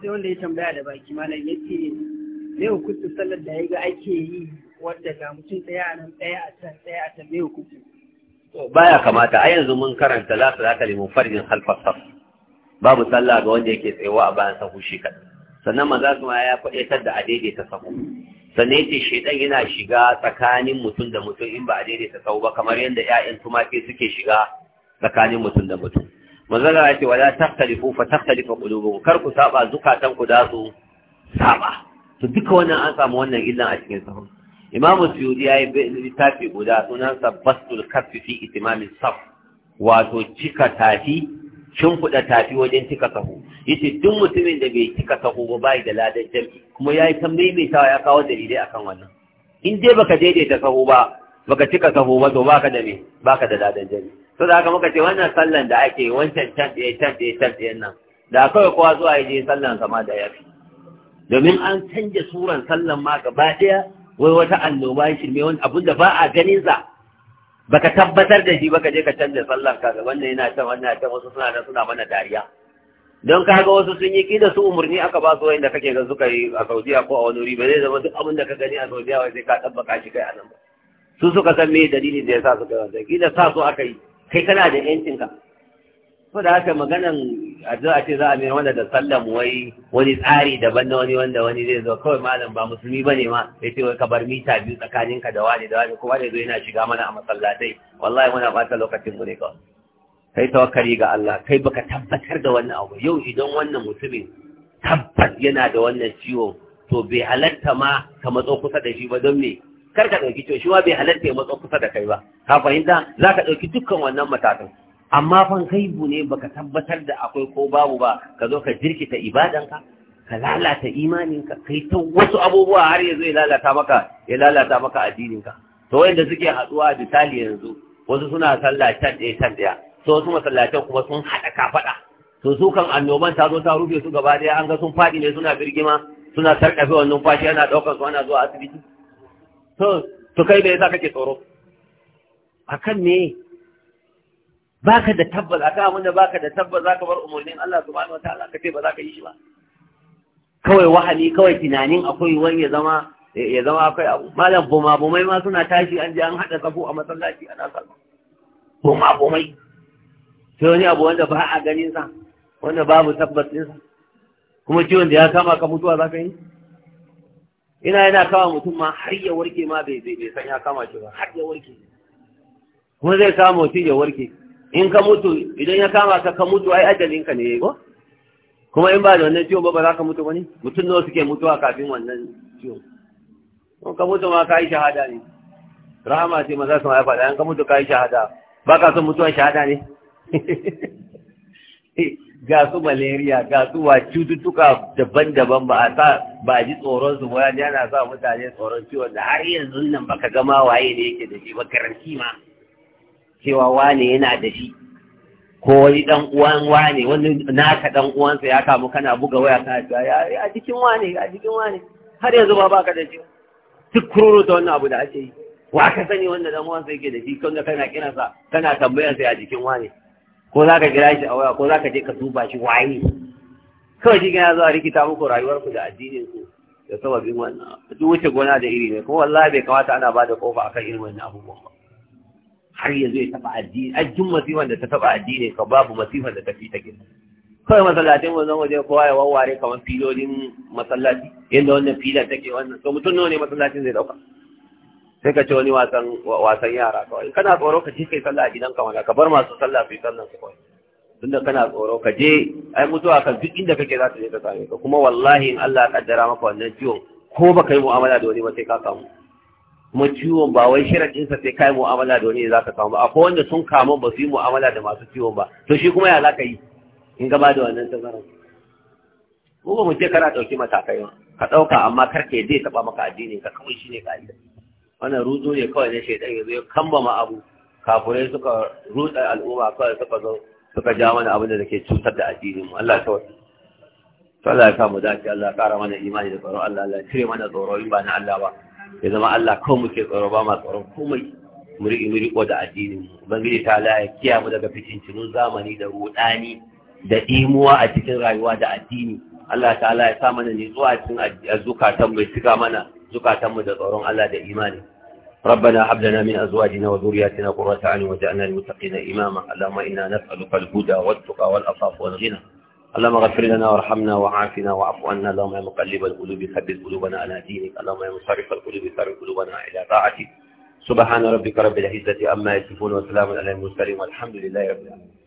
sai wanda ya tambaya da baki malam ya ce me sallar da ya ga ake yi wadda ga mutum ɗaya a nan ɗaya a can ɗaya a can me hukunci. baya kamata a yanzu mun karanta la salata lil munfaridin halfa saf babu sallah ga wanda yake tsayawa a bayan sahu shi kaɗai sannan maza su ma ya faɗaitar da a daidaita sahu sannan yace shedan yana shiga tsakanin mutum da mutum in ba a daidaita sahu ba kamar yadda ƴaƴan tumaki suke shiga tsakanin mutum da mutum manzala ya ce wala taktalifu fa taktalifa kulubu kar ku saba zukatan ku da saba to duka wannan an samu wannan illan a cikin sahun imamu suyudi ya yi littafi guda sunansa bastul kafi fi itimamin saf wato cika tafi shimfiɗa tafi wajen cika sahu yace duk mutumin da bai cika sahu ba bai da ladan jami kuma ya yi ta maimaitawa ya kawo dalilai akan wannan in dai baka daidaita sahu ba baka cika sahu ba to baka da me baka da ladan jami to da haka muka ce wannan sallan da ake wancan can ɗaya can ɗaya can ɗaya nan da kawai kowa zuwa ya je sallan sama da ya fi domin an canja suran sallan ma gaba ɗaya wai wata annoba shirme wani abin da ba a ganin sa baka tabbatar da shi baka je ka canza sallar ka ga wannan yana can wannan can wasu suna nan suna mana dariya don ka ga wasu sun yi kida su umarni aka ba su wanda kake ga suka yi a Saudiya ko a wani wuri ba zai zama duk abin da ka gani a Saudiya wai sai ka tabbaka shi kai a nan ba su suka san me dalili da ya sa suka yi wannan kida sa su aka yi kai kana da ka Ko da haka maganan a zo ce za a mai wanda da sallam wai wani tsari daban na wani wanda wani zai zo kawai malam ba musulmi bane ma sai ce wai ka bar mita biyu tsakanin ka da wani da wani kowa da zo yana shiga mana a masallatai wallahi muna ta lokacin mu ne kawai kai tawakkali ga Allah kai baka tabbatar da wannan abu yau idan wannan mutumin tabbas yana da wannan ciwo to bai halatta ma ka matso kusa da shi ba don me kar ka ɗauki to shi ma bai halatta ya matsa kusa da kai ba ka fahimta za ka ɗauki dukkan wannan matakan amma fan bu ne baka tabbatar da akwai ko babu ba ka zo ka jirkita ibadanka ka lalata imaninka kai ta wasu abubuwa har yanzu ya lalata maka ya lalata maka addininka to wanda suke haɗuwa a misali yanzu wasu suna sallah can ɗaya can ɗaya so wasu masallacin kuma sun haɗa kafaɗa to su kan annoban ta zo ta rufe su gaba ɗaya an ga sun faɗi ne suna birgima suna sarƙafe wannan fashi ana ɗaukar su ana zuwa asibiti to to kai me yasa kake tsoro akan me baka da tabbas akan mun da baka da tabbas zaka bar umarnin Allah subhanahu wataala ka ce ba za ka yi shi ba kawai wahali kawai tunanin akwai wani ya zama ya zama akwai abu malam boma bomai ma suna tashi an je an hada safo a masallaci ana salma boma bomai to wani abu wanda ba a ganin sa wanda babu tabbas sa kuma ciwon da ya kama ka mutuwa za ka yi ina yana kama mutum ma har ya warke ma bai zai san ya kama shi ba har ya warke kuma zai kama mutum ya warke in ka mutu idan ya kama ka ka mutu ai ajalin ka ne yayi kuma in ba da wannan ciwon ba ba za ka mutu bane mutum nawa suke mutuwa kafin wannan ciwon kuma ka mutu ma ka yi shahada ne rahama ce maza su ma ya faɗa in ka mutu ka yi shahada ba ka son mutuwar shahada ne ga su malaria ga su wa cututtuka daban-daban ba a sa ba ji tsoron su ba yana sa mutane tsoron ciwon da har yanzu nan baka gama waye ne yake da shi ba karanti ma cewa wane yana da shi ko wani dan uwan wane wani naka dan uwansa ya kamu kana buga waya kana cewa ya a jikin wane a jikin wane har yanzu ba baka da shi duk kururu da wannan abu da ake yi wa ka sani wanda dan uwansa yake da shi kanga kana kiransa kana tambayar sa a jikin wane ko za ka kira shi a waya ko za ka je ka duba shi waye kawai shi gina zuwa rikita muku rayuwarku da addininku da sababin wannan duk wuce gona da iri ne kuma wallahi bai kamata ana ba da kofa akan irin wannan abubuwan ba har yanzu ya taɓa addini a jin masifan da ta taɓa addini ka babu masifan da ta fi ta gina kawai masallacin wannan waje kowa ya wawware kamar filolin masallaci yadda wannan filar take wannan to mutum nawa ne masallacin zai ɗauka sai ka ce wani wasan yara kawai kana tsoro ka je kai sallah a ka wala ka bar masu sallah su yi sallan su kawai tunda kana tsoro ka je ai mutuwa kan duk inda kake za ta je ka same ka kuma wallahi in Allah ya kaddara maka wannan ciwon ko ba kai yi mu'amala da wani ba sai ka samu kuma ciwon ba wai shirin sa sai kai mu'amala da wani ne za ka samu ba akwai wanda sun kamu ba su yi mu'amala da masu ciwon ba to shi kuma ya za ka yi in gaba da wannan tazaran ko ba mu ce kana ɗauki matakai ka ɗauka amma kar ka zai taɓa maka addini ka kawai shi ne ka'ida wannan rutsu ne kawai na shaidan ya zo ya kambama abu kafurai suka rutsa al'umma kawai suka zo suka ja mana abin da take cutar da addinin mu Allah ta wasu Allah ya samu dace Allah ya kara mana imani da tsaro Allah Allah cire mana tsoro in ba na Allah ba ya zama Allah kawai muke tsoro ba ma tsoron komai mu muri mu da addinin mu ubangiji ta Allah ya kiya mu daga fitincinun zamani da rudani da imuwa a cikin rayuwa da addini Allah ta'ala ya sa mana nutsuwa a cikin azzukatan tambayi cika mana زكاتهم da على ذا da ربنا هب لنا من ازواجنا وذرياتنا قرة اعين واجعلنا للمتقين اماما اللهم انا نسالك الهدى والتقى والأصاف والغنى اللهم اغفر لنا وارحمنا وعافنا واعف عنا اللهم يا مقلب القلوب ثبت قلوبنا على دينك اللهم يا مصرف القلوب ثبت قلوبنا الى طاعتك سبحان ربك رب العزه عما يصفون وسلام على المرسلين والحمد لله رب العالمين